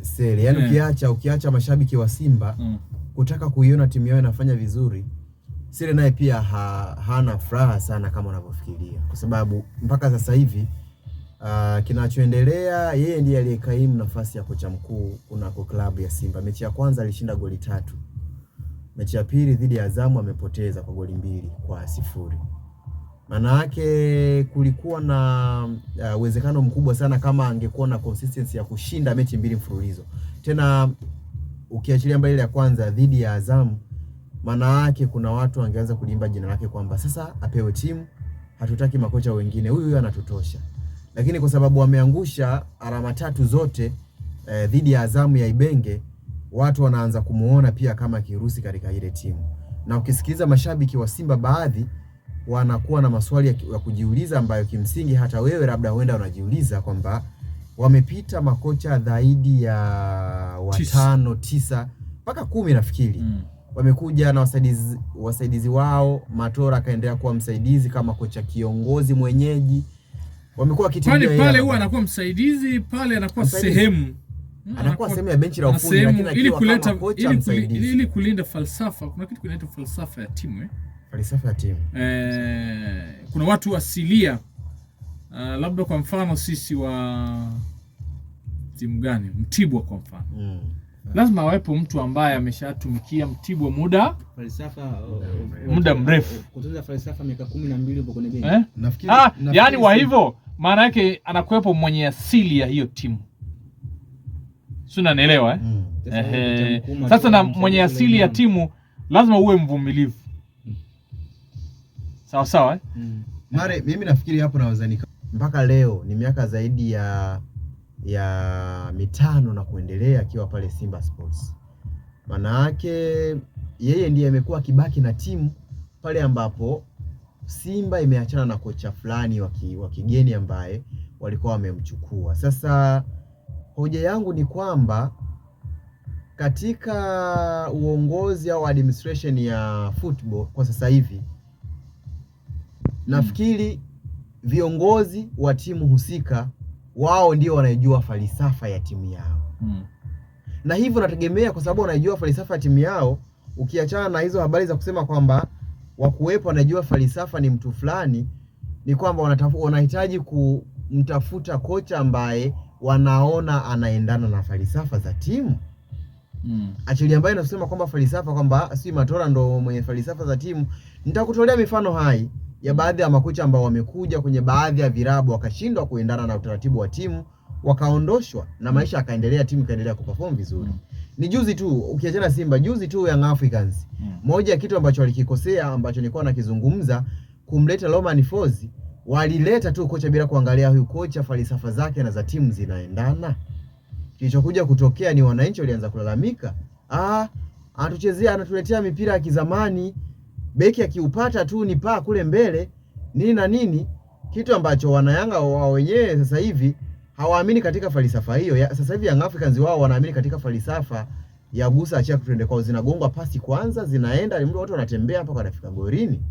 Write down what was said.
sele yani, yeah. Ukiacha ukiacha mashabiki wa Simba mm. kutaka kuiona timu yao inafanya vizuri, sele naye pia ha, hana furaha sana kama unavyofikiria, kwa sababu mpaka sasa hivi uh, kinachoendelea yeye ndiye aliyekaimu nafasi ya kocha mkuu kunako klabu ya Simba. Mechi ya kwanza alishinda goli tatu, mechi ya pili dhidi ya Azamu amepoteza kwa goli mbili kwa sifuri. Maana yake kulikuwa na uh, uwezekano uh, mkubwa sana kama angekuwa na consistency ya kushinda mechi mbili mfululizo tena, ukiachilia mbali ile ya kwanza dhidi ya Azam, maana yake kuna watu wangeanza kulimba jina lake kwamba sasa apewe timu, hatutaki makocha wengine, huyu huyu anatutosha. Lakini kwa sababu ameangusha alama tatu zote eh, dhidi ya Azam ya Ibenge, watu wanaanza kumuona pia kama kirusi katika ile timu, na ukisikiliza mashabiki wa Simba baadhi wanakuwa na maswali ya, ya kujiuliza ambayo kimsingi hata wewe labda huenda unajiuliza kwamba wamepita makocha zaidi ya watano tisa mpaka kumi nafikiri mm. Wamekuja na wasaidizi, wasaidizi wao. Matora akaendelea kuwa msaidizi kama kocha kiongozi mwenyeji, wamekuwa pale pale, huwa anakuwa msaidizi pale, anakuwa sehemu mm. anakuwa sehemu ya benchi la ufundi, lakini ili kuleta ili kulinda falsafa, kuna kitu kinaitwa falsafa ya timu eh falsafa ya timu eh, kuna watu asilia uh, labda kwa mfano sisi wa timu gani Mtibwa kwa mfano mm. Lazima awepo mtu ambaye ameshatumikia Mtibwa muda falsafa oh, oh, oh, muda mrefu yani falsafa miaka huko kwenye benchi eh? Nafikiri ah, yaani wa hivyo maana yake anakuwepo mwenye asili ya hiyo timu si unanielewa eh? Mm. Sasa na mwenye asili ya timu lazima uwe mvumilivu sawa sawa eh? mm. Mare, mimi nafikiri hapo naweza nika mpaka leo ni miaka zaidi ya ya mitano na kuendelea akiwa pale Simba Sports. yake yeye ndiye amekuwa akibaki na timu pale ambapo Simba imeachana na kocha fulani wa kigeni ambaye walikuwa wamemchukua. Sasa hoja yangu ni kwamba katika uongozi au administration ya football kwa sasa hivi Nafikiri viongozi wa timu husika wao ndio wanaijua falsafa ya timu yao hmm. na hivyo nategemea kwa sababu wanaijua falsafa ya timu yao, ukiachana na hizo habari za kusema kwamba wakuwepo wanajua falsafa ni mtu fulani, ni kwamba wanahitaji kumtafuta kocha ambaye wanaona anaendana na falsafa za timu mm. Achili ambaye nasema kwamba falsafa kwamba si Matola ndo mwenye falsafa za timu, nitakutolea mifano hai ya baadhi ya makocha ambao wamekuja kwenye baadhi ya virabu wakashindwa kuendana na utaratibu wa timu wakaondoshwa na maisha akaendelea, timu ikaendelea kuperform vizuri. Ni juzi tu ukiachana Simba, juzi tu Young Africans, hmm. moja ya kitu ambacho walikikosea ambacho nilikuwa nakizungumza kumleta Romain Folz, walileta tu kocha bila kuangalia huyu kocha falsafa zake na za timu zinaendana. Kilichokuja kutokea ni wananchi walianza kulalamika, ah, anatuchezea anatuletea mipira ya kizamani beki akiupata tu ni paa kule mbele nini na nini, kitu ambacho wanayanga wao wenyewe sasa hivi hawaamini katika falsafa hiyo ya, sasa hivi Young Africans wao wanaamini katika falsafa ya gusa achia, twende kwao, zinagongwa pasi kwanza, zinaenda watu wanatembea mpaka wanafika gorini